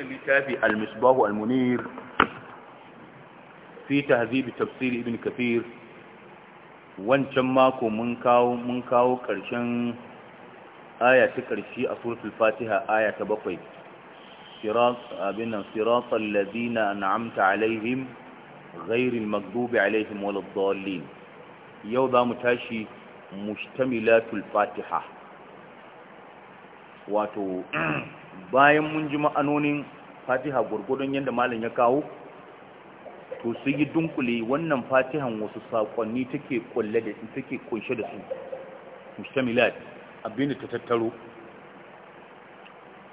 لكتاب المصباح المنير في تهذيب تفسير ابن كثير وان شماكو منكاو منكاو كرشن آية كرشي أصورة الفاتحة آية بقي صراط أبنا صراط الذين أنعمت عليهم غير المكذوب عليهم ولا الضالين يوضا متاشي مشتملات الفاتحة واتو bayan mun ji ma'anonin fatiha gwargwadon yadda malam ya kawo to su yi dunkule wannan fatihan wasu sakonni take kulle da take kunshe da su mustamilat abinda ta tattaro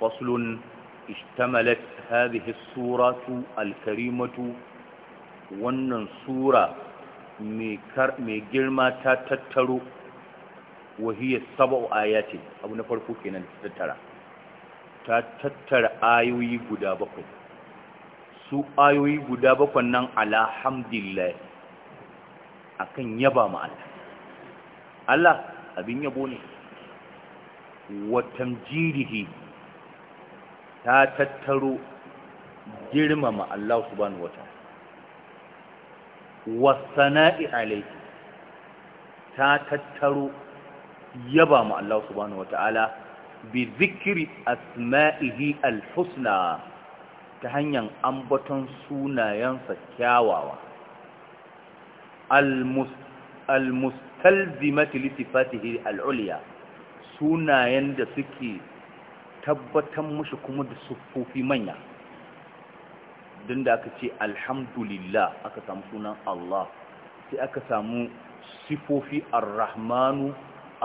faslun ishtamalat hadhihi suratu alkarimatu wannan sura mai girma ta tattaro wahiyar sab'u ayati abu na farko kenan tattara ta tattara ayoyi guda bakwai su ayoyi guda bakwai nan alhamdulillah akan yaba ma Allah Allah abin yabo ne wa tamjirihi ta tattaro girmama Allah subhanahu wa wasana'i alaihi ta tattaro yaba ma Allah subhanahu ta'ala bi asma'ihi alhusna ta hanyar ambaton sunayensa kyawawa almustalzimati litifatihi al'ulya sunayen da suke tabbatar mushi kuma da siffofi manya din da aka ce alhamdulillah aka samu sunan Allah sai aka samu sifofi arrahmanu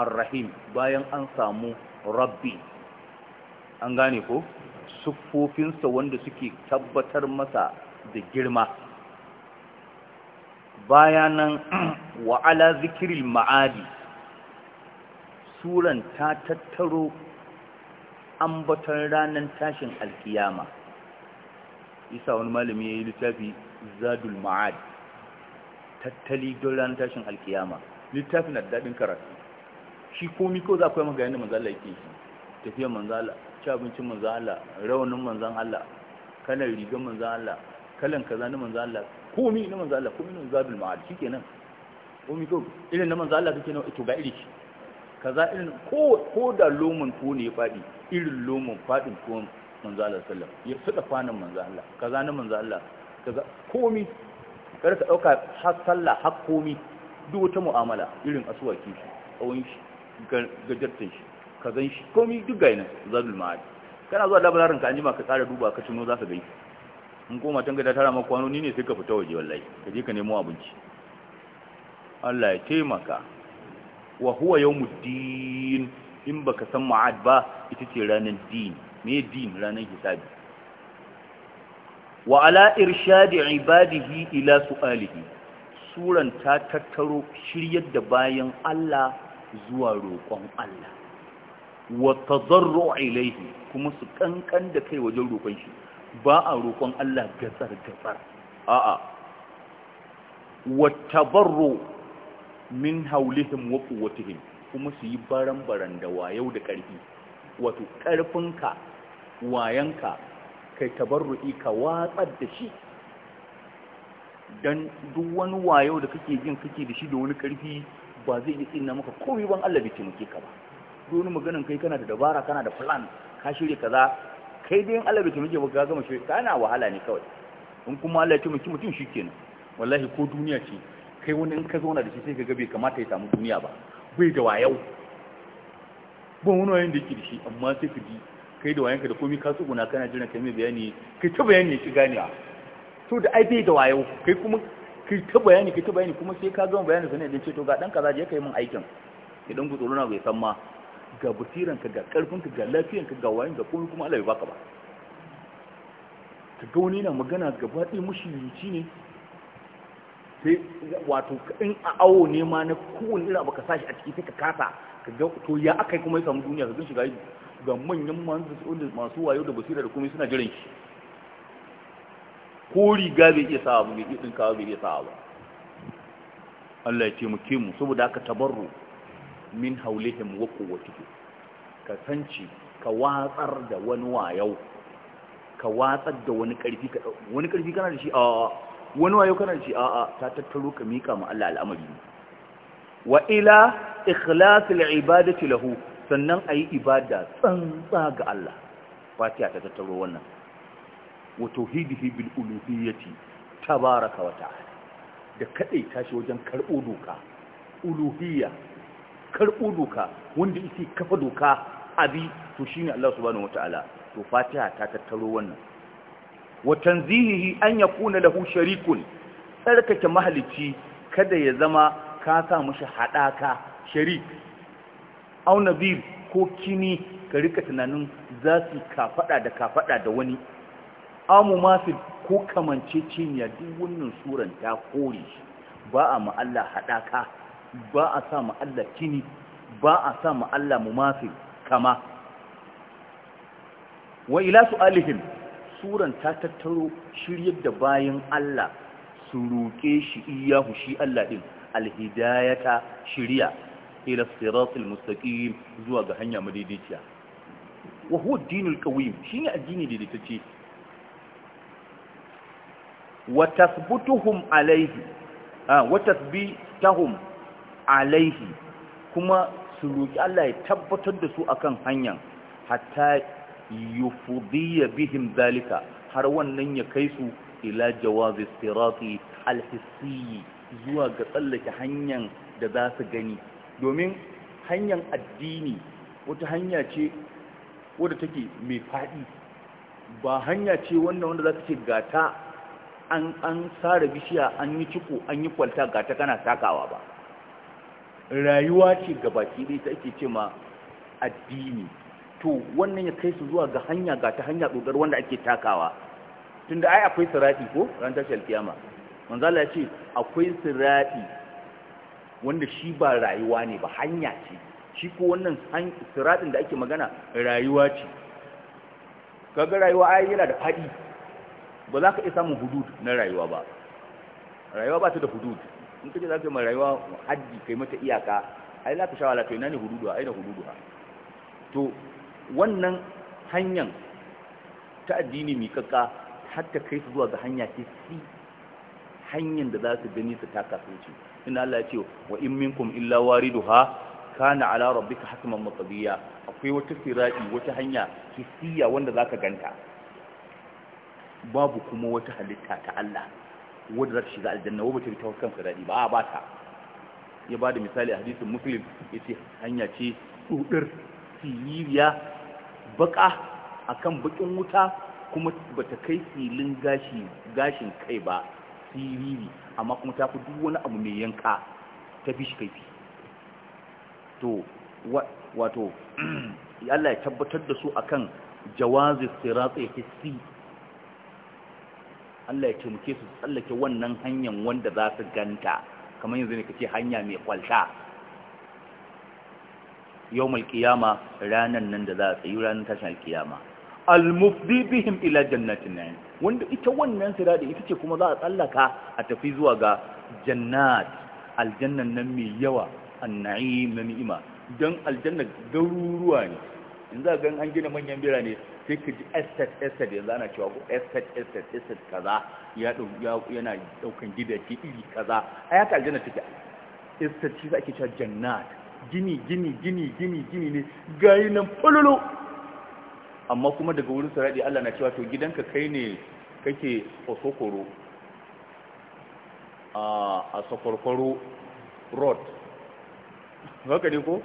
ar-rahim bayan an samu rabbi an gane ko siffofinsa wanda suke tabbatar masa da girma bayanan wa'ala zikirin ma'adi suran ta tattaro ambaton ranar tashin alkiyama isa wani malami ya yi littafi zadul ma'ad tattali don ranar tashin alkiyama littafin da daɗin karatu shi komi ko za ku yi maganin da Manzala yake tafiyar manzo Allah ci abincin Manzala, Allah raunin manzo Allah kalan rigar Manzala, kalan kaza na manzo Allah komi na Manzala, Allah komi na zabil ma'al shikenan komi ko irin na Manzala kake nawa to ga shi, kaza irin ko ko da lomon ko ne ya fadi irin lomon fadin ko Manzala Allah ya fada kwanan Manzala, kaza na Manzala. kaza komi kada ka dauka har sallah har komi duk wata mu'amala irin asuwaki shi tsawon shi gajartar shi zan shi komi duk gaina zadul ma'ad kana zuwa labarin ka anjima ka tsara duba ka tuno za ka gai in koma can gada tara maka kwanoni ne sai ka fita waje wallahi ka je ka nemo abinci Allah ya taimaka wa huwa yawmuddin in baka san ma'ad ba ita ce ranar din me din ranar hisabi wa ala irshadi ibadihi ila su'alihi suran ta tattaro shiryar da bayan Allah zuwa roƙon Allah wa tazarru ilaihi kuma su kankan da kai wajen roƙon shi ba a roƙon Allah gatsar gatsar a'a wa tabarru min haulihim wa quwwatihim kuma su yi baran baran da wayau da ƙarfi wato ƙarfinka wayanka kai tabarru'i ka watsar da shi dan duk wani wayo da kake jin kake da shi da wani ƙarfi ba zai yi tsina maka komai ban Allah bai taimake ka ba duk maganin kai kana da dabara kana da plan ka shirya kaza kai dai in Allah bai taimake ba ka gama shirya kana wahala ne kawai in kuma Allah ya taimake mutum shikenan wallahi ko duniya ce kai wani in ka zauna da shi sai ka ga bai kamata ya samu duniya ba bai da wayau ban wani wayan da yake da shi amma sai ka ji kai da wayanka da komai ka tsuguna kana jiran kai mai bayani kai ta bayani ya ki ganewa to da ai bai da wayau kai kuma kai ta bayani kai ta bayani kuma sai ka gama bayanin sanin idan ce to ga dan kaza je kai min aikin idan ku tsoro na bai san ma ga butiran ka ga karfin ka ga lafiyan ka ga wayin ga komai kuma Allah bai baka ba ka ga wani na magana gaba ɗaya yuci ne sai wato in a awo ne ma na kowane irin abu ka sashi a ciki sai ka kasa ka ga to ya akai kuma ya samu duniya ka gan shiga ga manyan masu wayo da basira da komai suna jiran shi ko riga bai iya sawa ba bai iya tsinkawa bai iya sawa ba Allah ya ce mu ke mu saboda aka tabarru min haulihim wa quwwatihim ka sanci ka watsar da wani wayau ka watsar da wani karfi wani karfi kana da shi a wani wayau kana da shi a ta tattaro ka mika ma Allah al'amari wa ila ikhlasil ibadati lahu sannan ayi ibada tsantsa ga Allah fatiha ta tattaro wannan wa tauhidihi bil uluhiyyati tabaraka wa ta'ala da kadai tashi wajen karbo doka uluhiyya karbo doka wanda yake kafa doka abi to shine Allah subhanahu wa ta'ala to fatiha ta tattaro wannan wa tanzihihi an yakuna lahu sharikun tsarkake mahalici kada ya zama ka sa mushi hadaka sharik au nabi ko kini ka rika tunanin za su kafada da kafada da wani amu masu ko kamance ciniya duk wannan suran ta kore shi ba a ma'alla haɗaka ba a sa ma'alla kini ba a sa ma'alla mumafi kama wa ila su alihim suran ta tattaro shiryar da bayan Allah su roƙe shi iyahu shi Allah ɗin alhidayata shirya ila siratul mustaqim zuwa ga hanya madaidaiciya wa huwa dinul qawim shine addini da daidaitacce wa tasbutuhum alaihi ah, wa tasbitahum alaihi kuma su roki Allah ya tabbatar da su akan hanyar hatta yufdiya bihim zalika har wannan ya kai su ila jawazi sirati alhissi zuwa ga tsallake hanyar da za su gani domin hanyar addini wata hanya ce wadda take mai faɗi ba hanya ce wannan wanda za ka ce gata an an sare bishiya an yi ciko an yi kwalta ga ta kana takawa ba rayuwa ce gabaki dai ta ake ce ma addini to wannan ya kai su zuwa ga hanya ga ta hanya dogar wanda ake takawa tunda ai akwai sirati ko ran tashi alkiyama manzo Allah ya ce akwai sirati wanda shi ba rayuwa ne ba hanya ce shi ko wannan siratin da ake magana rayuwa ce kaga rayuwa ai yana da fadi ba za ka iya samun hudud na rayuwa ba rayuwa ba ta da hudud in kace za yi ma rayuwa haddi kai mata iyaka ai za ka sha to kai ne hududu ai na hududu ha to wannan hanyar ta addini mai kakka har ta kai su zuwa ga hanya ce hanyar da za su gani su taka su ce ina Allah ya ce wa in minkum illa wariduha kana ala rabbika hatman maqdiya akwai wata sirati wata hanya hisiya wanda zaka ganta babu kuma wata halitta ta Allah wadda za shiga aljanna wadda ta bi ta wasu kansa daɗi ba a ba ta ya ba da misali hadisin muslim ya ce hanya ce ɗuɗar siririya baka akan bakin wuta kuma ba ta kai filin gashin kai ba siriri amma kuma ta fi duk wani abu mai yanka ta fi shi kaifi to wato Allah ya tabbatar da su akan jawazi siratsi hissi Allah ya taimake su tsallake wannan hanyar wanda za su ganta kamar yanzu ne kace hanya mai kwalta yawmul qiyama ranan nan da za a tsayi ranan tashin alqiyama al-mufdi bihim ila jannatin na'im wanda ita wannan sirada ita ce kuma za a tsallaka a tafi zuwa ga jannat aljannan nan mai yawa an-na'im na ni'ima dan aljanna garuruwa ne in za ga an gina manyan birane sai ka ji estate estate yanzu ana cewa ko estate estate estate kaza ya yana daukan gidaje iri kaza a ya aljanna take estate shi ake cewa jannat gini gini gini gini gini ne gayi nan fululu amma kuma daga wurin sarari Allah na cewa to gidanka kai ne kake osokoro a sokorkoro road haka ne ko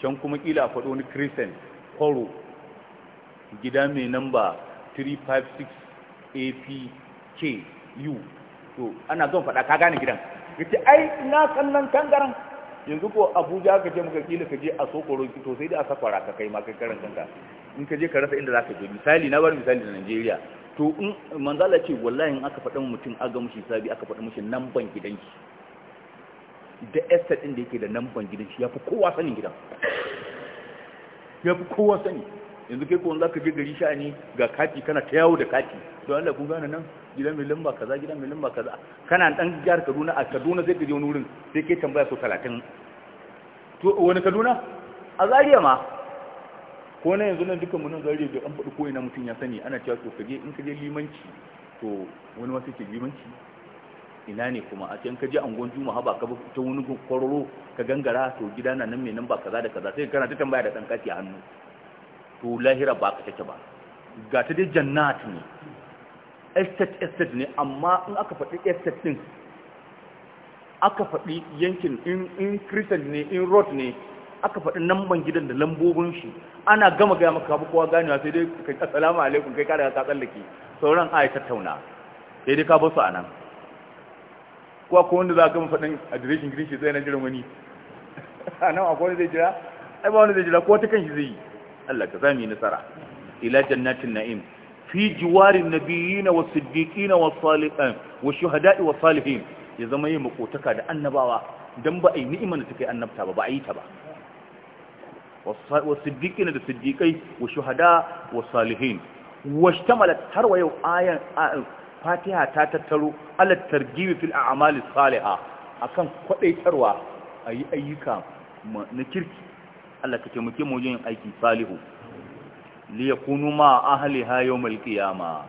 can kuma kila a faɗo ni christian kwaro gida mai namba 356 apku u to ana zon faɗa ka gane gidan yace ai na sannan tangaran yanzu ko abuja ka je muka kila ka je a sokoro to sai da a safara ka kai ma kai karan kanka in ka je ka rasa inda za ka je misali na bar misali da Najeriya to in manzala ce wallahi in aka faɗa mutum aga mushi sabi aka faɗa mushi namban gidanki da estate din da yake da namban gidanki yafi kowa sanin gidan yafi kowa sani yanzu kai ko za ka je gari sha'ani ga kati kana ta yawo da kati don Allah kun gane nan gidan mai lamba kaza gidan mai lamba kaza kana dan jihar Kaduna a Kaduna zai je wani wurin sai kai tambaya so 30 to wani Kaduna a Zaria ma ko na yanzu nan dukkan mu zariya Zaria da an faɗi ko ina mutun ya sani ana cewa to kaje in kaje limanci to wani wasu ke limanci ina ne kuma a can kaje angon juma'a ba ka ta wani kwararo ka gangara to gida na nan mai nan ba kaza da kaza sai kana ta tambaya da dan kati a hannu to lahira ba ka take ba ga ta dai jannat ne estate estate ne amma in aka faɗi estate din, aka faɗi yankin in crescent ne in road ne aka faɗi namban gidan da lambobin shi ana gama gaya maka ba kowa ganewa sai dai kai assalamu alaikum kai kada ka tsallake sauran ai tattauna sai dai ka bar su anan ko ko wanda za ka gama faɗin adireshin gidan shi sai na jira wani anan akwai wanda zai jira ai ba wanda zai jira ko ta kan shi zai yi Allah ka zami nasara ila jannatin na'im fi jiwarin nabiyina was siddiqina was salihin was shuhada'i salihin ya zama yin makotaka da annabawa dan ba ai ni'imar da take annabta ba ba ai ta ba was siddiqina da siddiqai wa shuhada was salihin washtamalat har yau ayan fatiha ta tattaro ala targibi fil a'mali salihah akan kwadaitarwa ayi ayyuka na kirki Allah ka muke mu yin aiki salihu li yakunu ma ha yawmal qiyama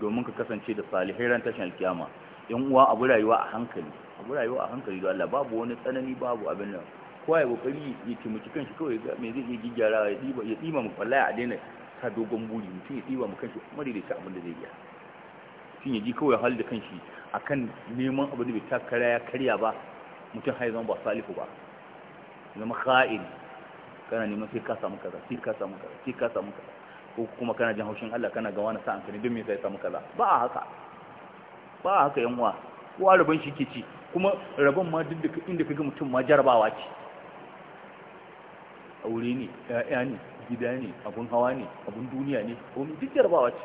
domin ka kasance da salihai ran tashin alkiyama yan uwa abu rayuwa a hankali abu rayuwa a hankali don Allah babu wani tsanani babu abin nan kowa ya kokari ya taimaki kanshi kawai ga me zai iya gyara ya diba ya diba mu wallahi a daina ta dogon buri mutum ya diba mu kanshi kuma daidaita abin da zai iya shin ya ji kawai hal da kanshi akan neman abin da bai takara ya karya ba mutum har ba salihu ba zama kha'in kana neman sai ka samu kaza sai ka samu kaza sai ka samu kaza ko kuma kana jin haushin Allah kana ga wani sa'an kane don me sai samu kaza ba a haka ba a haka yanwa kowa rabon shi ke ci kuma rabon ma duk inda inda kaga mutum ma jarabawa ce aure ne ya'ya ne gida ne abun hawa ne abun duniya ne komai duk jarabawa ce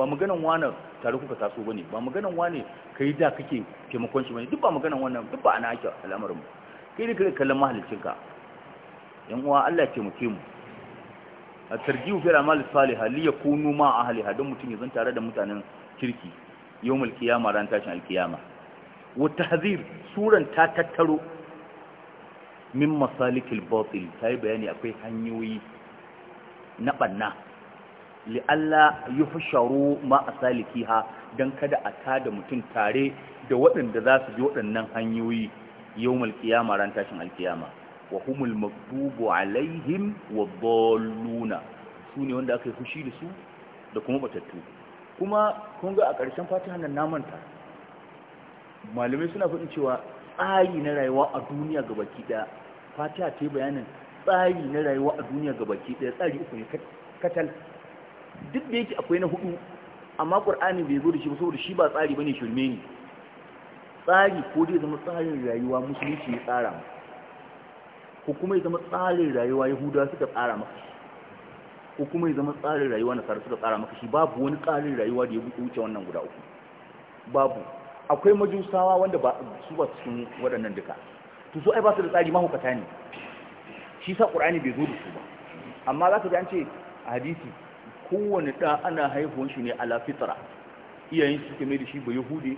ba maganan wani tare kuka taso ne ba maganan wani yi da kake taimakon shi ne duk ba maganan wannan duk ba ana ake al'amarin mu kai ne kallon mahallicinka yan uwa Allah ke muke mu a tarjihu fil amal salihah li yakunu ma ahli don mutum yanzu tare da mutanen kirki yawmul qiyama ran tashin alkiyama wa tahzir suran ta tattaro min masalikil batil sai bayani akwai hanyoyi na banna li'alla yufsharu ma asalikiha dan kada a tada mutum tare da waɗanda za su bi waɗannan hanyoyi yawmul qiyama ran tashin alkiyama. wa humul maktubu alaihim wa dalluna su ne wanda aka yi fushi da su da kuma batattu kuma kun ga a ƙarshen fatiha nan namanta malamai suna faɗin cewa tsari na rayuwa a duniya ga baki ɗaya fatiha ta yi bayanin tsari na rayuwa a duniya ga baki ɗaya tsari uku ne katal duk da yake akwai na hudu amma ƙur'ani bai zo da shi ba saboda shi ba tsari bane shirme ne tsari ko dai zama tsarin rayuwa musulunci ya tsara mu ko kuma ya zama tsarin rayuwa yahuda suka tsara maka shi ko kuma ya zama tsarin rayuwa nasara suka tsara maka shi babu wani tsarin rayuwa da ya wuce wannan guda uku babu akwai majusawa wanda ba su ba cikin waɗannan duka to su ai ba su da tsari mahukata ne shi sa qur'ani bai zo da su ba amma za ka ji an ce a hadisi kowane da ana haihuwan shi ne ala fitra iyayen su suke mai da shi ba yahudi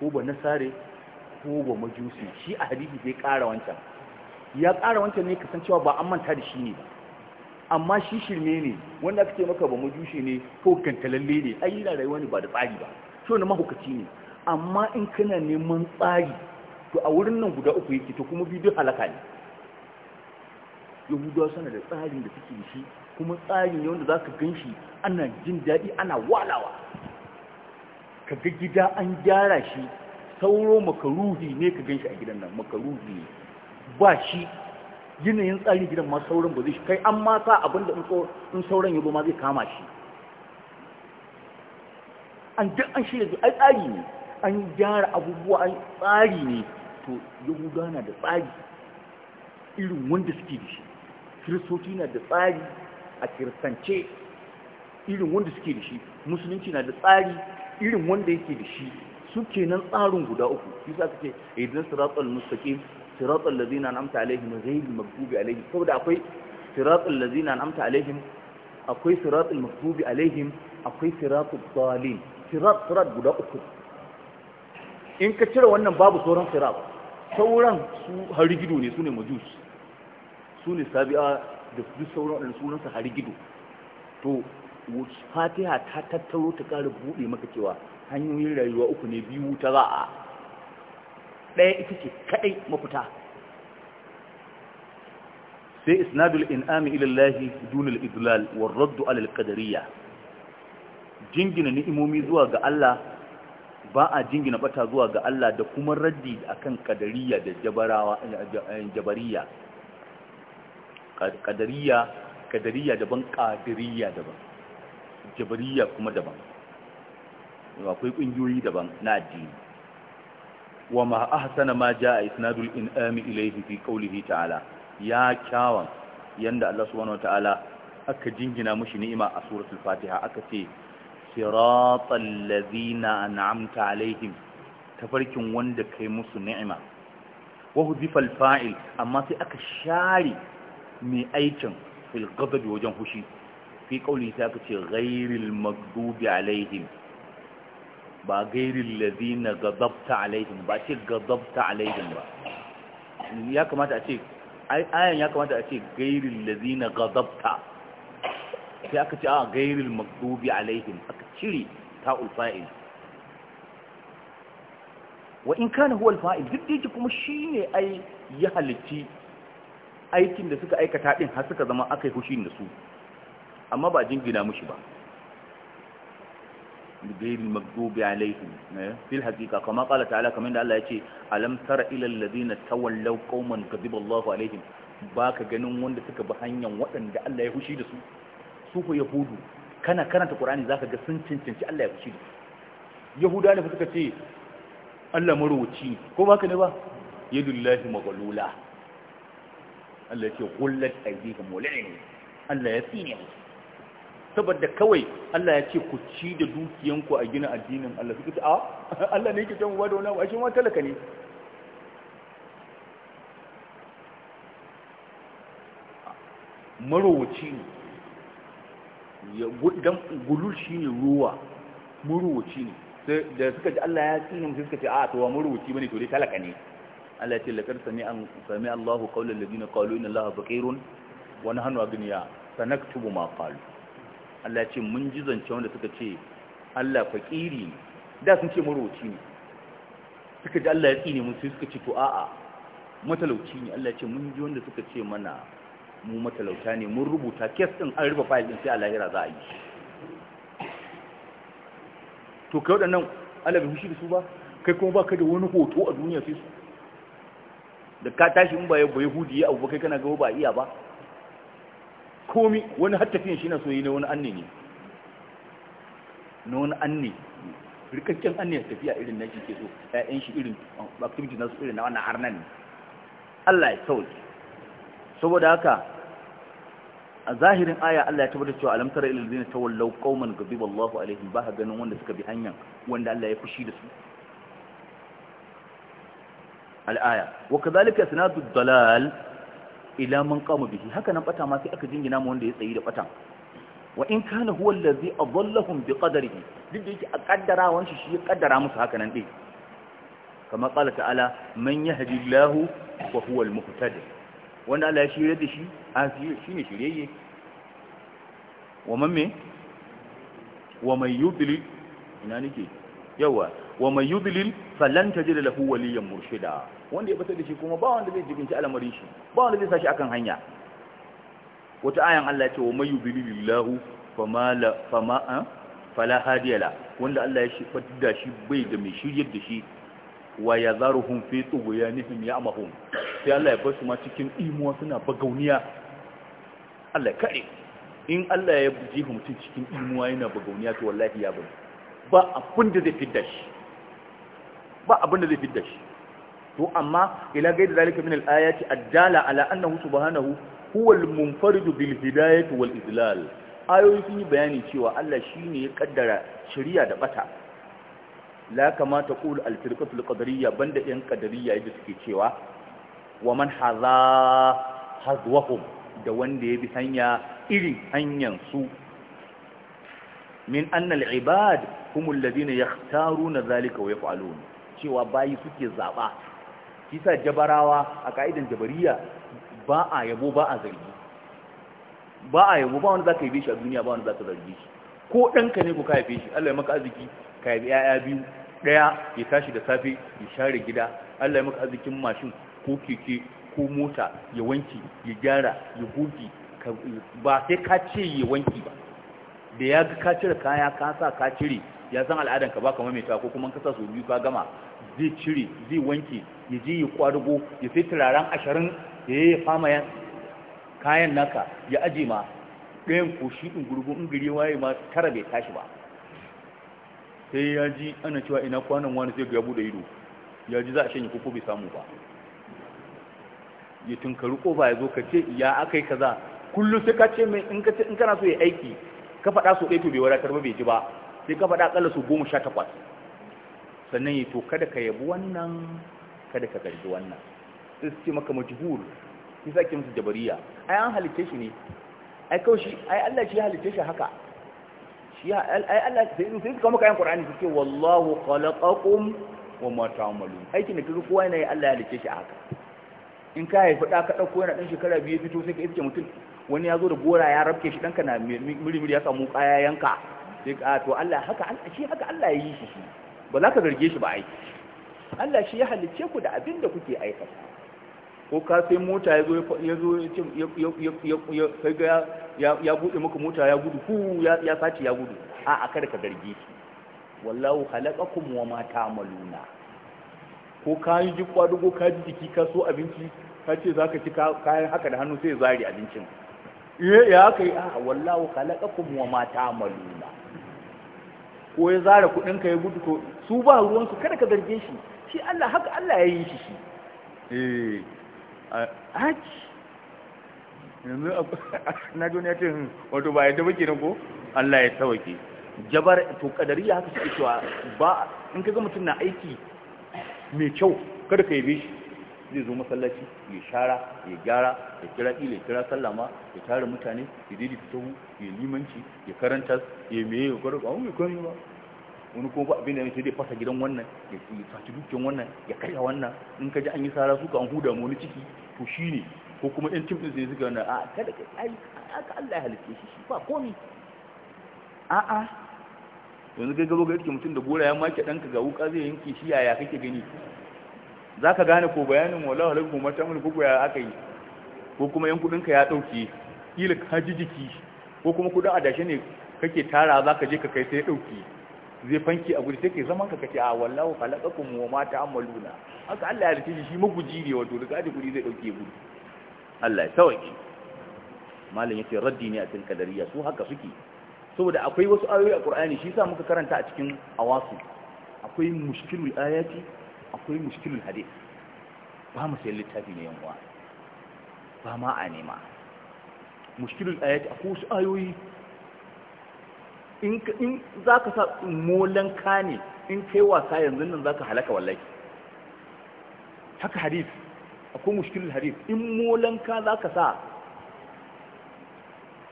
ko ba nasare ko ba majusi shi a hadisi sai ƙara wancan ya ƙara wancan ne kasancewa ba an manta da shi ne ba amma shi shirme ne wanda aka ce maka ba mu jushe ne ko gantalalle ne ai yana rayuwa ne ba da tsari ba shi na mahukaci ne amma in kana neman tsari to a wurin nan guda uku yake to kuma bidiyo halaka ne yahudawa suna da tsarin da suke shi kuma tsarin ne wanda za ka gan shi ana jin daɗi ana walawa ka ga gida an gyara shi sauro makaruhi ne ka gan shi a gidan nan makaruhi ne ba shi yanayin tsari gidan masu sauran ba zai shi kai an mata abinda in sauran ya zama ma zai kama shi an duk an shirya ai tsari ne an gyara abubuwa an tsari ne to yahuda na da tsari irin wanda suke da shi kiristoci na da tsari a kiristance irin wanda suke da shi musulunci na da tsari irin wanda yake da shi su kenan tsarin guda uku shi sa suke idan su siratul mustaqim siratul ladina an'amta alaihim ghayril maghdubi alaihim saboda akwai siratul ladina an'amta alaihim akwai siratul maghdubi alaihim akwai siratul dalin sirat guda uku in ka cire wannan babu sauran sirat sauran su gido ne su ne majus su ne sabi'a da su sauran waɗanda hari gido. to fatiha ta tattaro ta ƙara buɗe maka cewa hanyoyin rayuwa uku ne biyu ta za'a ɗaya ita ce kaɗai mafita sai isnadul in'ami ilallahi dunar idlal war raddu alal qadariyya jingina ni'imomi zuwa ga Allah ba a jingina bata zuwa ga Allah da kuma raddi akan qadariyya da jabarawa eh, jabariyya qadariyya qadariyya daban ƙadariya, daban jabariyya kuma daban akwai kungiyoyi daban na addini وما أحسن ما جاء إسناد الإنآم إليه في قوله تعالى يا كاوان يندى الله سبحانه وتعالى أكا جنجنا مش نئمة سورة الفاتحة أكا تي صراط الذين أنعمت عليهم تفرك وند كيمس نعمة وهذف الفاعل أما تي أكا شاري مي أيتم في الغضب وجنهشي في قوله تعالى غير المغضوب عليهم ba gairin lazina gazabta alaihim ba ce gazabta alaihim ba ya kamata a ce ayan ya kamata a ce gairin lazina gazabta sai aka ce a gairin magdubi alaihim aka cire ta ulfa'il wa in kana huwa alfa'il duk da yake kuma shine ai ya halitti aikin da suka aikata din har suka zama aka yi hushin da su amma ba jingina mushi ba غير المغضوب عليهم في الحقيقة كما قال تعالى كمان الله يتي ألم تر إلى الذين تولوا قوما كذب الله عليهم باك جنون وند سك بحنيا وطن دا الله يهوشي دسو سوف يهودو كان كان القرآن ذاك جسن تنتن الله يهوشي دسو يهودا ne suka ce Allah marwaci ko baka ne ba yadullahi maghlula Allah ya ce qullat aydihim wal'in Allah ya tsine musu saboda kawai Allah ya ce ku ci da dukiyanku a gina addinin Allah suka ce a Allah ne yake can wada da wani abu ashe ma talaka ne marowaci ne gulul shi ne ruwa marowaci ne da suka ji Allah ya tsinin suka ce a to wa marowaci bane to dai talaka ne Allah ya ce lakar sami Allahu qawla alladhina qalu inna Allaha faqirun wa nahnu aghniya sanaktubu ma qalu Allah ce mun ji zance wanda suka ce Allah fakiri da sun ce marowaci ne suka ji Allah ya tsine mun sai suka ce to a'a matalauci ne Allah ce mun ji wanda suka ce mana mu matalauta ne mun rubuta kes din an rufe fayil din sai a lahira za a yi to kai waɗannan Allah bai hushi da su ba kai kuma baka da wani hoto a duniya sai su da ka tashi in ba ya yahudi ya abu kai kana ga ba iya ba komi wani har tafiyan shi na soyi na wani anne ne na wani anne rikakken anne ya tafiya irin na shi ke so ƴaƴan shi irin uh, activity na su irin na wannan harnan ne Allah ya sauke saboda haka a zahirin aya Allah ya tabbatar cewa alam tara ilal ladina tawallaw qauman ghadiba Allahu alaihim ba ganin wanda suka bi hanyar wanda Allah ya fushi da su al-aya wa kadhalika sanadu dalal ila man qama bihi haka nan bata ma sai aka jingina mu wanda ya tsayi da bata wa in kana huwa allazi adallahum bi qadarihi duk da yake a kaddarawan shi shi ya kaddara musu haka nan din kama qala ta'ala man yahdillahu wa huwa al-muhtadi wanda Allah ya shirye da shi a shi ne shiryayye wa man me wa man yudlil ina nake yawa wa man yudlil falan tajid lahu waliyan murshida wanda ya fitar da shi kuma ba wanda zai jibinci al'amarin shi ba wanda zai sashi akan hanya wata ayan Allah ya ce wa mayu bilillahu famala fama fala hadiyala wanda Allah ya shifar da shi bai da mai shiryar da shi wa ya zaruhun fi tsogo ya amahum sai Allah ya basu ma cikin imuwa suna bagauniya Allah kare in Allah ya buji mutum cikin imuwa yana bagauniya to wallahi ya bari ba abin da zai fidda shi ba abin da zai fidda shi to amma ila gaida zalika min al-ayati ad ala annahu subhanahu huwa al-munfaridu bil hidayati wal izlal ayoyi sun yi bayani cewa Allah shine ya kaddara shari'a da bata la kama taqul al-firqatu al-qadariyya banda yan qadariyya yadda suke cewa wa man haza hazwahum da wanda ya bi hanya irin hanyar su min annal ibad humul ladina yakhtaruna zalika wa yaf'alun cewa bayi suke zaba kisa jabarawa a ka'idan jabariya ba a yabo ba a zargi ba a yabo ba wani za ka yabe shi a duniya ba wani za ka zargi shi ko ɗanka ne ko ka yabe shi allah ya maka arziki ka yabi 'ya'ya biyu ɗaya ya tashi da safe ya share gida allah ya maka arzikin mashin ko keke ko mota ya wanki ya gyara ya goge ba sai ka ce ya wanki ba da ya ga ka cire kaya ka sa ka cire ya san al'adan ka baka maimaita ko kuma sa su biyu ka gama zai cire zai wanke ya je ya kwadugo ya sai turaren ashirin ya yi fama yan kayan naka ya aje ma ɗayan ko shi in gurgu in gari waye ma tara bai tashi ba sai ya ji ana cewa ina kwanan wani sai gabu da ido ya ji za a shanye ko bai samu ba ya tunkari kofa ya zo ka ce ya aka yi kaza kullum sai ka ce mai in kana so ya aiki ka faɗa so ɗaya to bai wadatar ba bai ji ba sai ka faɗa ƙalla su goma sha takwas sannan yi to kada ka yabi wannan kada ka ƙarfi wannan sai su ce maka majihur sai sa ke musu jabariya ai an halitta shi ne ai kawai shi ai Allah shi halitta shi haka shi ai Allah sai sai su kawo maka yan Qur'ani su ce wallahu khalaqakum wa ma ta'malun aiki da kaga kowa yana yi Allah ya halitta shi haka in ka haifi ɗa ka ɗauko yana ɗan shekara biyu fito sai ka iske mutum wani ya zo da gora ya rabke shi ɗanka na miri ya samu ƙaya yanka sai to Allah haka Allah shi haka Allah ya yi shi shi ba za ka zarge shi ba aiki Allah shi ya halice ku da abin da kuke aikata ko ka sai mota ya zo ya zo ya ga ya bude maka mota ya gudu ku ya sace ya gudu a a kada ka zarge shi wallahu khalaqakum wa ma ta'maluna ko ka yi jikwa dugo ka ji jiki ka so abinci ka ce za ci kayan haka da hannu sai ya zari abincin eh, ya kai a wallahu khalaqakum wa ma ta'maluna ko ya zara kuɗin ka ya gudu ko su ba ruwansu kada ka zarge shi shi Allah haka Allah ya yi shi shi eh a yanzu na duniya ce hmm, wato ba yadda bake ko Allah ya tawake jabar to kadariya haka suke cewa ba in ga mutum na aiki mai kyau kada ka yabe shi zai zo masallaci ya shara ya gyara ya kira ila ya kira sallama ya tara mutane ya daidaita tahu ya limanci ya karanta ya meye ya kwarba wani kwanye ba wani kuma abin da yake zai fasa gidan wannan ya saci dukkan wannan ya karya wannan in ka ji an yi sara suka an huda mu wani ciki to shi ne ko kuma 'yan cimɗin sai suka wannan a kada ka ai aka Allah ya halitta shi shi ba komi a a yanzu kai gabo ga yake mutum da gora ya make ɗanka ga wuka zai yanke shi yaya kake gani za ka gane ko bayanin wallahi halin kuma ta mun ko ya aka yi ko kuma yan kuɗinka ya ɗauke kila ka ji jiki ko kuma kuɗin adashe ne kake tara za ka je ka kai sai ya ɗauke zai fanki a guri ke zaman ka kace a ah, wallahu khalaqakum wa ma ta'maluna haka Allah ya rike shi maguji ne wato da kaji guri zai dauke guri Allah ya tawaki malam yace raddi ne a cikin kadariya su haka suke saboda akwai wasu ayoyi a Qur'ani shi yasa muka karanta a cikin awasu akwai mushkilul ayati akwai mushkilul hadith ba mu sai littafi ne yanwa ba ma a nema mushkilul ayati akwai wasu ayoyi in za ka sa molan kane in kai wasa yanzu nan za ka halaka wallahi haka hadith akwai mushkilul hadith in molan ka za ka sa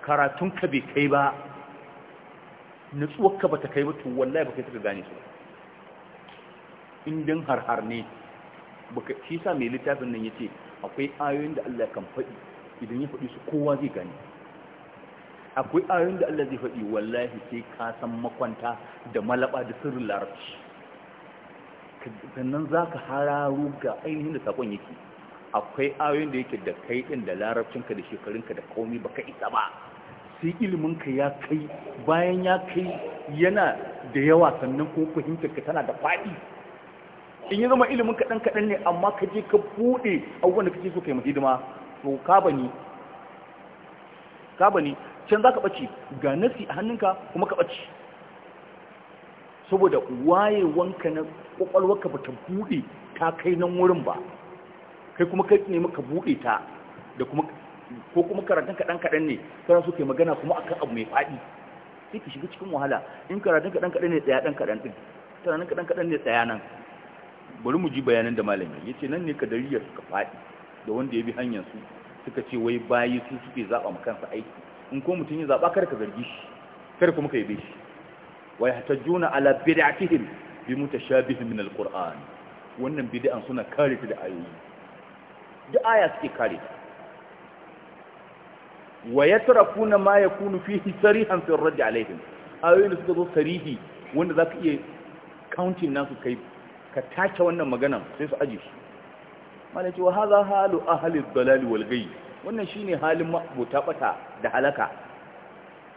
karatun ka bai kai ba nutsuwarka ba ta kai ba to wallahi ba kai suka gane su in din har ne shi sa mai littafin nan ya ce akwai ayoyin da Allah kan faɗi idan ya faɗi su kowa zai gane akwai ayoyin da Allah zai faɗi wallahi sai ka san makwanta da malaba da sirrin larabci sannan za ka hararo ga ainihin da sakon yake akwai ayoyin da yake da kai ɗin da larabcinka da shekarunka da ba baka isa ba sai iliminka ya kai bayan ya kai yana da yawa sannan ko ka tana da faɗi in yi zama ilimin kaɗan kaɗan ne amma ka je ka buɗe abubuwan da kake so ka yi hidima to ka bani ka bani can za ka ɓace ga nasi a hannunka kuma ka ɓace saboda wayewanka na ƙwaƙwalwarka ba ta buɗe ta kai nan wurin ba kai kuma kai ne maka buɗe ta da kuma ko kuma karatun kaɗan kaɗan ne kana so kai magana kuma akan abu mai faɗi sai ka shiga cikin wahala in karatun kaɗan kaɗan ne tsaya ɗan kaɗan ɗin tunanin kaɗan kaɗan ne tsaya nan bari mu ji bayanan da malami ya ce nan ne ka dariyar suka faɗi da wanda ya bi hanyar su suka ce wai bayi su suke zaɓa ma kansa aiki in ko mutum ya zaɓa kar ka zargi shi kar kuma ka yabe shi wa yahtajuna ala bid'atihim bi mutashabihin min alquran wannan bid'an suna kare ta da ayoyi da aya suke kare ta wa yatrakuna ma yakunu fihi sarihan fi ar-radd alaihim ayoyin da suka zo sarihi wanda zaka iya counting nasu kai ka tace wannan maganan sai su aje shi malaki wa hadha halu ahli ad-dalal wal ghayb wannan shine halin ma'abuta bata da halaka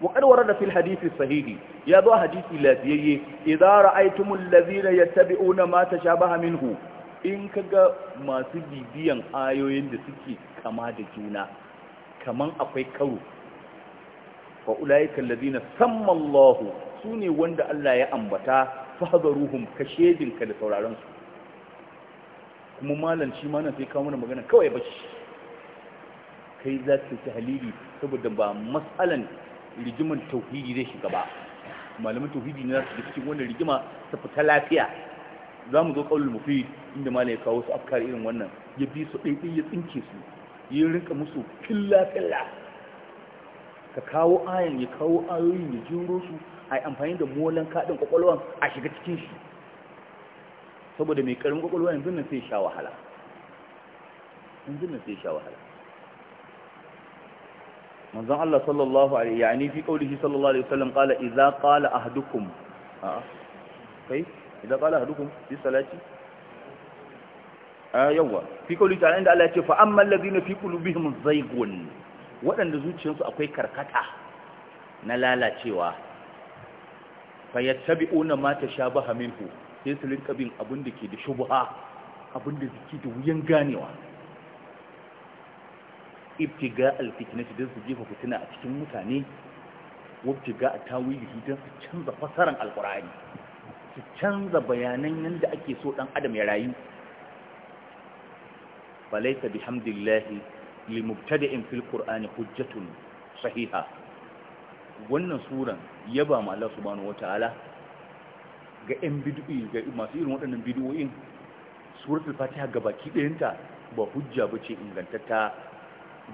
wa qad warada fil hadith sahihi ya zo hadisi lafiyayye idza ra'aytumul ladhina yattabi'una ma tashabaha minhu in ga masu bibiyan ayoyin da suke kama da juna kaman akwai karo fa ulaika alladhina samma Allahu sune wanda Allah ya ambata fahdaruhum kashedin ka da sauraron su kuma malan shi ma nan sai kawo mana magana kawai bashi kai za su ci halili saboda ba matsalan rigiman tauhidi zai shiga ba Malamin tauhidi ne za su cikin wannan rigima ta fita lafiya za mu zo kawul mufid inda malai ya kawo su afkar irin wannan ya bi su ɗaiɗai ya tsinke su ya rinka musu killa killa ka kawo ayan ya kawo ayoyin ya jiro su a yi amfani da molan kaɗin ƙwaƙwalwa a shiga cikin shi saboda mai ƙarin ƙwaƙwalwa yanzu nan sai sha wahala yanzu nan sai sha wahala manzon Allah sallallahu alaihi yani fi qaulihi sallallahu alaihi wasallam qala idza qala ahdukum a kai idza qala ahdukum fi salati a yawa fi qaulihi ta'ala inda Allah ya ce fa amma allazina fi qulubihim zaygun waɗanda zuciyarsu akwai karkata na lalacewa fa yattabi'una ma tashabaha minhu sai su rinka bin abin da ke da shubha abin da ke da wuyan ganewa ibtiga alfitnati don su jefa fitina a cikin mutane wabtiga a tawilihi don su canza fasaran alkur'ani su canza bayanan yadda ake so dan adam ya rayu falaita li limubtada'in fil qur'ani hujjatun sahiha wannan suran yaba ma Allah subhanahu wataala ga yan bid'i ga masu irin waɗannan bid'o'in suratul fatiha ga baki ɗayanta ba hujja bace ingantatta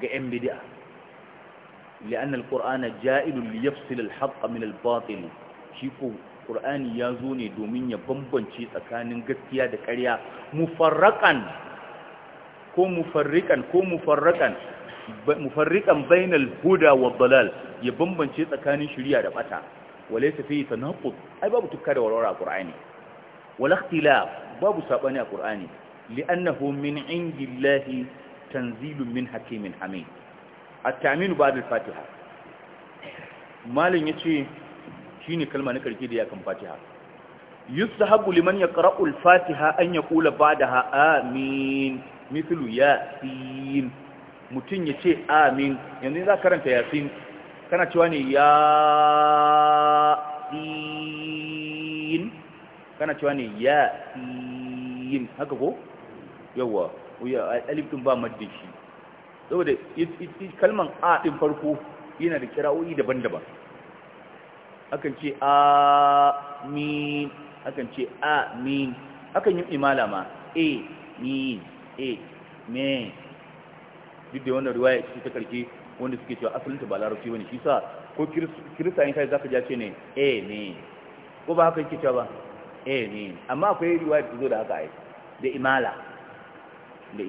ga 'yan bidi'a li'an al-ƙur'ana ja'ilun liyafsil al-haqqa min al-batil shi ko ƙur'ani ya zo ne domin ya bambance tsakanin gaskiya da ƙarya mufarraƙan ko mufarriƙan ko mufarraƙan mufarriƙan bainal huda wa dalal ya bambance tsakanin shari'a da bata wala tafi tanaqud ai babu tukka da warwara ƙur'ani wala ikhtilaf babu sabani a ƙur'ani li'annahu min indillahi tanzilun min hakimin hamid at-taminu ba'da al-fatiha malin yace shine kalma na karki da yakan fatiha yustahabu liman yaqra'u al-fatiha an yaqula ba'daha amin mithlu yasin mutun yace amin yanzu za karanta yasin kana cewa ne yasin kana haka ko yawa ya din ba maddin shi saboda kalman a din farko yana da kirawoyi daban-daban akan ce amin akan ce amin akan yi imala ma a e, min a e, me duk da ruwa ya ce ta karke wanda suke cewa asalinta ba larabci bane shi sa ko kiristayen kai zaka ja ce ne a ne ko ba haka yake cewa ba a ne amma akwai riwaya da zo da haka ai da imala ل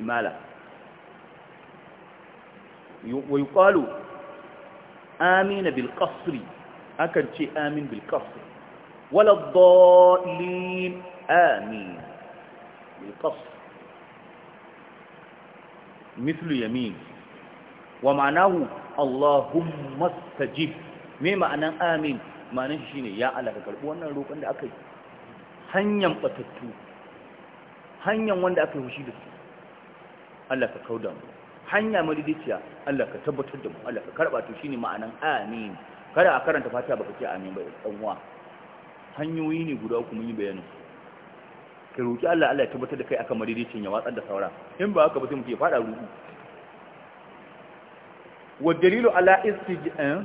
ويقال آمين بالقصر أ شيء آ بالقصر ولا الضالين آمين بالقصر مثل يمين ومعناه اللهم استجب مما أنا آمين ما نجني يا الله ك ر ب و ن ا روكا لاكل هن ينقطتو هن Allah ka kauda mu hanya madidiciya Allah ka tabbatar da mu Allah ka karba to shine ma'anan amin kada a karanta fatiha baka ce amin ba dan uwa hanyoyi ne guda uku mun yi bayani ka roki Allah Allah ya tabbatar da kai akan madidicin ya watsar da saura in ba haka ba sai mu ke fada ruhu wa dalilu ala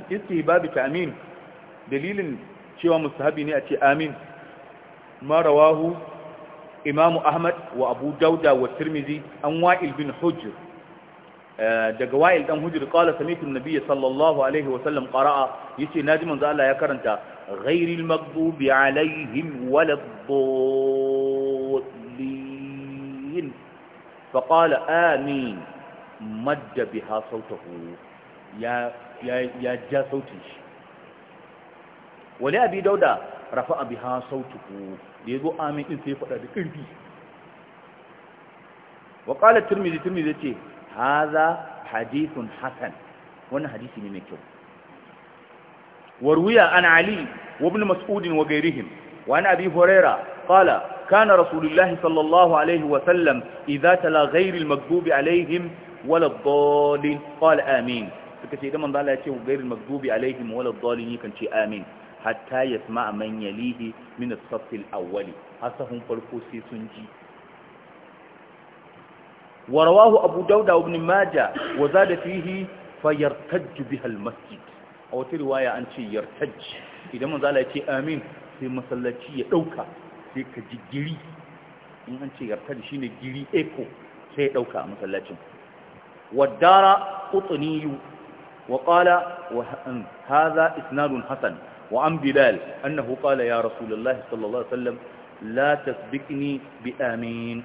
istihbab eh, amin. dalilin cewa mustahabi ne a ce amin ma rawahu imamu ahmad وأبو جودة والترمذي عن وائل بن حجر دقا وائل بن حجر قال سميت النبي صلى الله عليه وسلم قرأ يسي نادما قال يا يكرنت غير المغضوب عليهم ولا الضالين فقال آمين مد بها صوته يا يا يا جا صوتي ولا أبي دودة رفع بها صوته يقول آمين انت سيفر هذا wa qala tirmidhi ce yace hadisin hassan wani hadisi ne mai kyau warwiya ana ali wa ibn mas'ud wa ghayrihim wa an kana rasulullahi sallallahu alaihi wa sallam idza tala ghayr al-maghdubi alaihim wala ad-dallin qala amin suka ce idan manzo Allah ya ce ghayr al-maghdubi alaihim wala ad kan ce amin hatta yasma man yalihi min as-saff al-awwal asahun farko sai sun ji ورواه أبو داود وابن ماجة وزاد فيه فيرتج بها المسجد أو ترواية أن شيء يرتج إذا من ذلك يتي آمين في مسلتي يدوك في كجيري إن أن شيء يرتج شيني جيري إيكو سيدوك مسلتي والدار قطني وقال هذا إسناد حسن وعن بلال أنه قال يا رسول الله صلى الله عليه وسلم لا تسبقني بآمين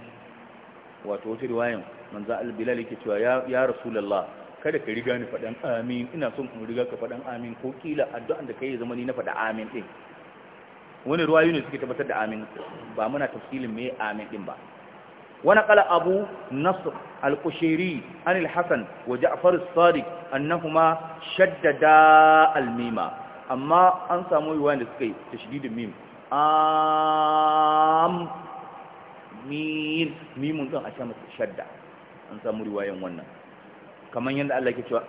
wato wata riwayan manzo al-bilal yake cewa ya rasulullah kada ka riga ni fadan amin ina son ku riga ka faɗan amin ko kila addu'an da kai zamani na fada amin din wani riwayo ne suke tabbatar da amin ba muna tafsirin mai amin din ba wana qala abu nasr al-qushairi an al-hasan wa ja'far as annahuma shaddada Almima, amma an samu riwayan da suke tashdidin mim am min mimun don a sha masa shadda an samu riwayan wannan kamar yadda Allah ke cewa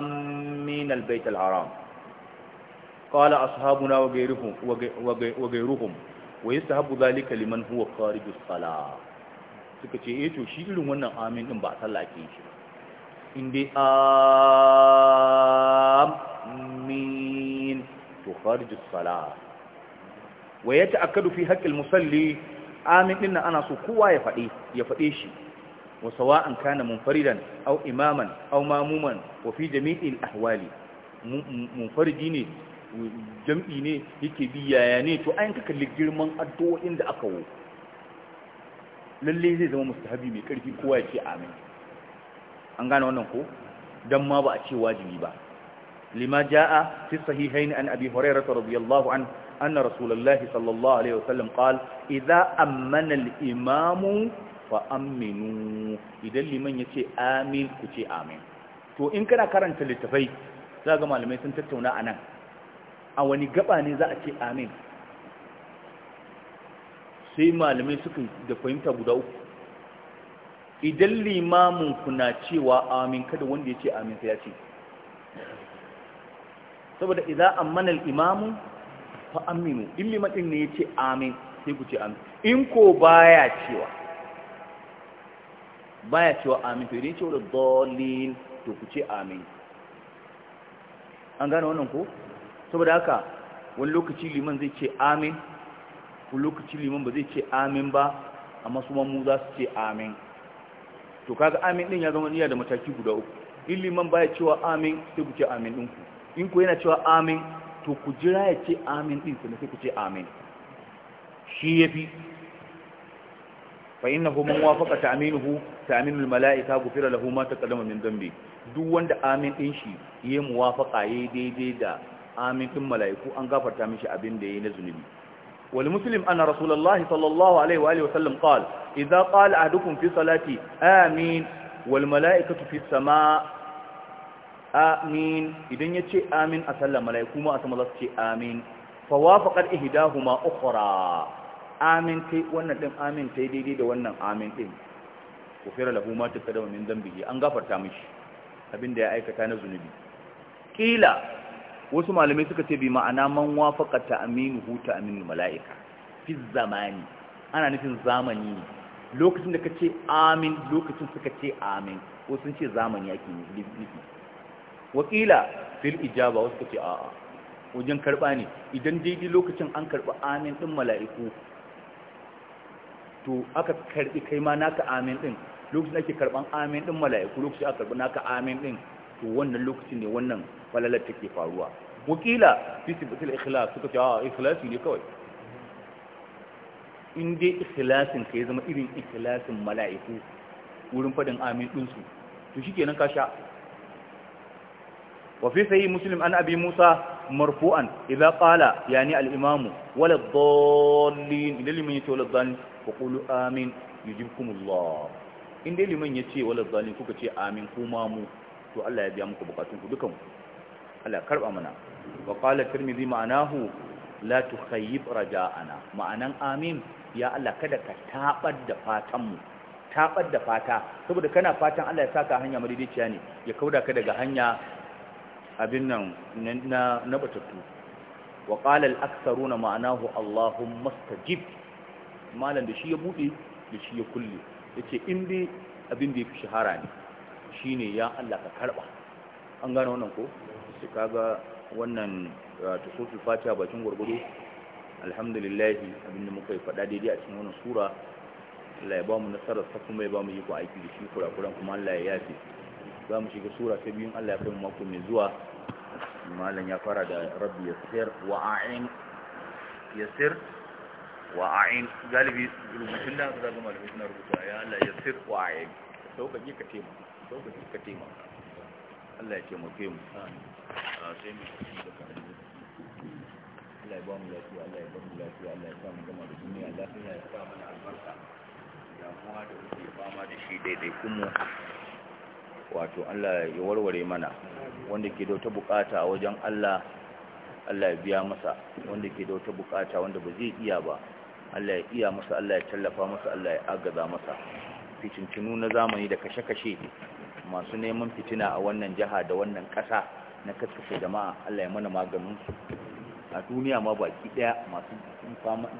amin albayt alharam qala ashabuna wa ghayruhum wa ghayruhum wa yastahabu dhalika liman huwa kharij sala suka ce eh to shi irin wannan amin din ba sallah ake shi in dai amin to kharij sala wa ya ta'akkadu fi haqqil musalli amin din nan ana so kowa ya faɗe ya faɗe shi wa sawa'an kana munfaridan aw imaman aw mamuman wa fi jami'il ahwali munfaridi ne jam'i ne yake bi yaya ne to ayin ka kalli girman addu'o'in da aka wo lalle zai zama mustahabi mai karfi kowa ya ce amin an gane wannan ko dan ma ba a ce wajibi ba lima jaa fi sahihayn an abi hurairah radiyallahu anhu Ana rasulullahi sallallahu alaihi wasallam qal idza ammana al-imamu aminu idan liman yace amin ku ce amin to in kana karanta littafai za ga malamai sun tattauna anan a wani gaba ne za a ce sai malamai suka da fahimta guda uku idan limamin ku na cewa amin kada wanda ya ce amin sai ya ce saboda idan ammanal imamu fa aminu in limatin ne ya ce amin sai ku ce amin in ko baya cewa baya cewa amin to idan cewa da dolin to ku ce amin an gane wannan ko saboda haka wani lokaci liman zai ce amin wani lokaci liman ba zai ce amin ba amma su mu za su ce amin to kaga amin din ya zama niyya da mataki guda uku in liman baya cewa amin sai ku ce amin ɗinku in ku yana cewa amin to ku jira ya ce amin din sai ku ce amin shi yafi fa innahu man wafaqa ta'minuhu ta'minul mala'ika gufira lahu ma taqaddama min dambi duk wanda amin din shi muwafaƙa, muwafaqa yayi daidai da amin din mala'iku an gafarta mishi abin da yayi na zunubi wal muslim anna rasulullahi sallallahu alaihi wa alihi wa sallam qala idza qala ahadukum fi salati amin wal mala'ikatu fi samaa amin idan ya ce amin a sallar mala'iku ma a sama za su ce amin fawafaƙar ihidahuma ukhra amin kai wannan ɗin amin ta daidai da wannan amin ɗin ku fira lahu ma ta kada min zambihi an gafarta mashi, abin ya aikata na zunubi Ƙila, wasu malamai suka ce bi ma'ana man Aminu ta'minuhu Aminu mala'ika fi zamani ana nufin zamani ne lokacin da kace amin lokacin suka ce amin ko sun ce zamani ake nufi wakila fil ijaba wasu ce a'a wajen karba ne idan daidai lokacin an karba amin din mala'iku to aka karbi kai ma naka amin din lokacin ake karban amin din mala'iku lokacin aka karbi naka amin din to wannan lokacin ne wannan falalar take faruwa wakila fi sifatil ikhlas suka ce a'a ikhlasi ne kawai in dai ikhlasin ya zama irin ikhlasin mala'iku wurin fadin amin to shi kenan ka sha وفي صحيح مسلم عن أبي موسى مرفوعا إذا قال يعني الإمام ولا الضالين إذا لمن يتي ولا الضالين فقولوا آمين يجبكم الله إن دي لمن يتي ولا الضالين كوكا تي آمين كومامو تو الله يبيامك بقاتنكو بكم الله كرب أمنا وقال الترمذي معناه لا تخيب رجاءنا معنى آمين يا الله كذا كتابد فاتمو tabar da fata saboda kana fatan Allah ya saka hanya madidiciya ne ya kauda ka daga hanya abin nan na batattu wa qala al-aktharuna ma'anahu Allahumma stajib malam da shi ya bude da shi ya kulle yace indi abin da yafi shahara ne shine ya Allah ka karba an gane wannan ko sai kaga wannan ah, tusutul fatiha bakin gurgudu alhamdulillah abin da muka yi faɗa daidai a cikin wannan sura Allah ya ba mu nasarar sa kuma ya ba mu yi ko aiki da shi kurakuran kuma Allah ya yafe za mu shiga sura ta biyun Allah ya kai mako mai zuwa malam ya fara da rabbi yasir wa a'in yasir wa a'in galibi rubutun da za ga malamai suna rubuta ya Allah yasir wa a'in sauƙaƙi ka tema sauƙaƙi ka tema Allah ya taimake mu sai mu da kan Allah ya ba mu lafiya Allah ya ba mu lafiya Allah ya sa mu gama da duniya lafiya ya sa mana albarka damuwa da muke fama da shi daidai kuma wato Allah ya warware mana wanda ke da wata bukata wajen Allah Allah ya biya masa wanda ke da wata bukata wanda ba zai iya ba Allah ya iya masa Allah ya tallafa masa Allah ya agaza masa fitincinu na zamani da kashe-kashe masu neman fitina a wannan jiha da wannan ƙasa na kaskashe jama'a Allah ya mana maganin su a duniya ma baki daya masu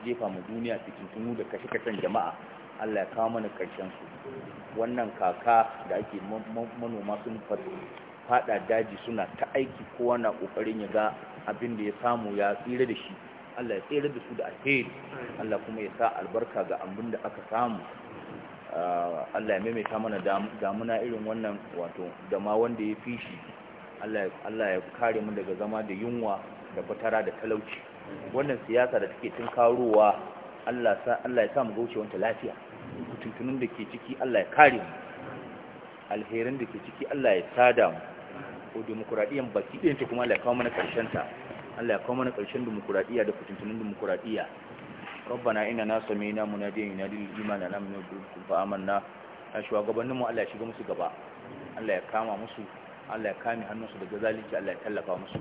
jefa mu duniya fitintunu da kashe-kashen jama'a Allah ya kawo mana ƙarshen su wannan kaka da ake manoma sun fada daji suna ta aiki kowa na kokarin ya ga abin da ya samu ya tsira da shi Allah ya tsira da su da alheri Allah kuma ya sa albarka ga abin da aka samu ah, Allah ya maimaita mana damuna irin wannan wato da ma wanda ya fi shi Allah ya kare mu daga zama da yunwa da fatara da talauci wannan siyasa da take tun karowa Allah ya sa mu gauce wanta lafiya mutuntunan da ke ciki Allah ya kare mu alherin da ke ciki Allah ya sada mu ko demokuraɗiyyar baki ɗin ta kuma Allah ya kawo mana ƙarshen ta Allah ya kawo mana ƙarshen demokuraɗiyya da fitintunin demokuraɗiyya rabbana inna na sami'na munadiyan yunadi lil imani an aminu bikum fa amanna a gabanin mu Allah ya shiga musu gaba Allah ya kama musu Allah ya kame hannunsu daga zalunci Allah ya tallafa musu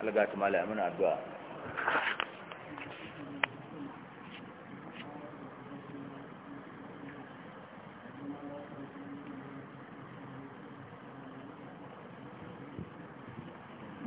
Allah ga ta ya muna addu'a